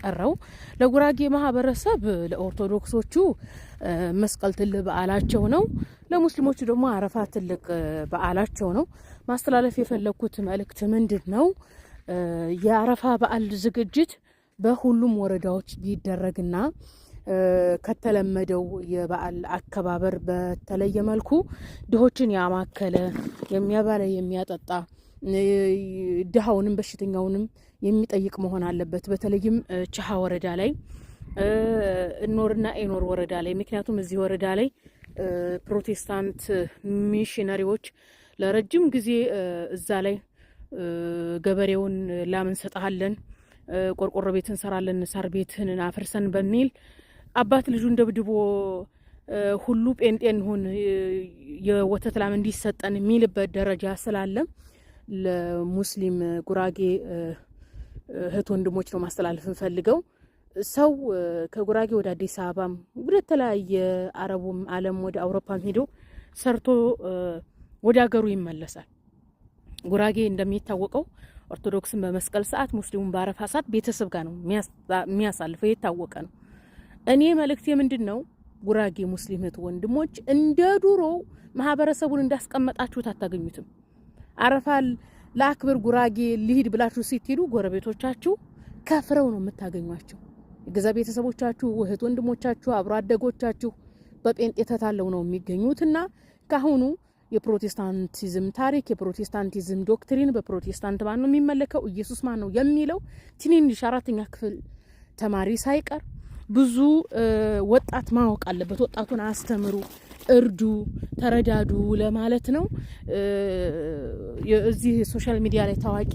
የቀረው። ለጉራጌ ማህበረሰብ ለኦርቶዶክሶቹ መስቀል ትልቅ በዓላቸው ነው። ለሙስሊሞቹ ደግሞ አረፋ ትልቅ በዓላቸው ነው። ማስተላለፍ የፈለግኩት መልእክት ምንድን ነው? የአረፋ በዓል ዝግጅት በሁሉም ወረዳዎች ቢደረግና ከተለመደው የበዓል አከባበር በተለየ መልኩ ድሆችን ያማከለ የሚያበላ የሚያጠጣ ድሃውንም በሽተኛውንም የሚጠይቅ መሆን አለበት። በተለይም ቻሀ ወረዳ ላይ ኖርና ኤኖር ወረዳ ላይ ምክንያቱም እዚህ ወረዳ ላይ ፕሮቴስታንት ሚሽነሪዎች ለረጅም ጊዜ እዛ ላይ ገበሬውን ላም እንሰጥሃለን፣ ቆርቆሮ ቤት እንሰራለን፣ ሳር ቤትን አፍርሰን በሚል አባት ልጁን ደብድቦ ሁሉ ጴንጤን ሁን የወተት ላም እንዲሰጠን የሚልበት ደረጃ ስላለ ለሙስሊም ጉራጌ እህት ወንድሞች ነው ማስተላለፍ እንፈልገው። ሰው ከጉራጌ ወደ አዲስ አበባም ወደ ተለያየ አረቡም ዓለም ወደ አውሮፓም ሄዶ ሰርቶ ወደ ሀገሩ ይመለሳል። ጉራጌ እንደሚታወቀው ኦርቶዶክስን በመስቀል ሰዓት፣ ሙስሊሙን በአረፋ ሰዓት ቤተሰብ ጋር ነው የሚያሳልፈው። የታወቀ ነው። እኔ መልእክቴ ምንድን ነው? ጉራጌ ሙስሊም እህት ወንድሞች እንደ ድሮ ማህበረሰቡን እንዳስቀመጣችሁት አታገኙትም። አረፋል ለአክብር ጉራጌ ሊሂድ ብላችሁ ስትሄዱ ጎረቤቶቻችሁ ከፍረው ነው የምታገኟቸው። የገዛ ቤተሰቦቻችሁ፣ እህት ወንድሞቻችሁ፣ አብሮ አደጎቻችሁ በጴንጤ ተታለው ነው የሚገኙትና ካሁኑ የፕሮቴስታንቲዝም ታሪክ የፕሮቴስታንቲዝም ዶክትሪን በፕሮቴስታንት ማን ነው የሚመለከው ኢየሱስ ማን ነው የሚለው ትንንሽ አራተኛ ክፍል ተማሪ ሳይቀር ብዙ ወጣት ማወቅ አለበት። ወጣቱን አስተምሩ። እርዱ፣ ተረዳዱ ለማለት ነው። እዚህ ሶሻል ሚዲያ ላይ ታዋቂ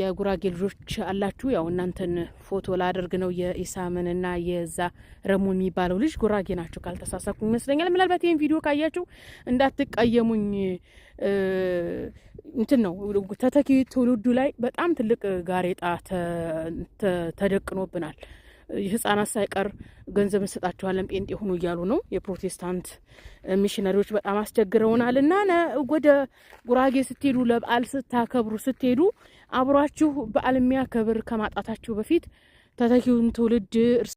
የጉራጌ ልጆች አላችሁ። ያው እናንተን ፎቶ ላደርግ ነው። የኢሳምንና የዛ ረሙ የሚባለው ልጅ ጉራጌ ናቸው ካልተሳሳኩ ይመስለኛል። ምናልባት ይህን ቪዲዮ ካያችሁ እንዳትቀየሙኝ። እንትን ነው ተተኪ ትውልዱ ላይ በጣም ትልቅ ጋሬጣ ተደቅኖብናል። ህጻናት ሳይቀር ገንዘብ እንሰጣችኋለን ጴንጤ ሁኑ እያሉ ነው። የፕሮቴስታንት ሚሽነሪዎች በጣም አስቸግረውናል። እና ወደ ጉራጌ ስትሄዱ፣ ለበዓል ስታከብሩ ስትሄዱ አብሯችሁ በዓል የሚያከብር ከማጣታችሁ በፊት ተተኪውን ትውልድ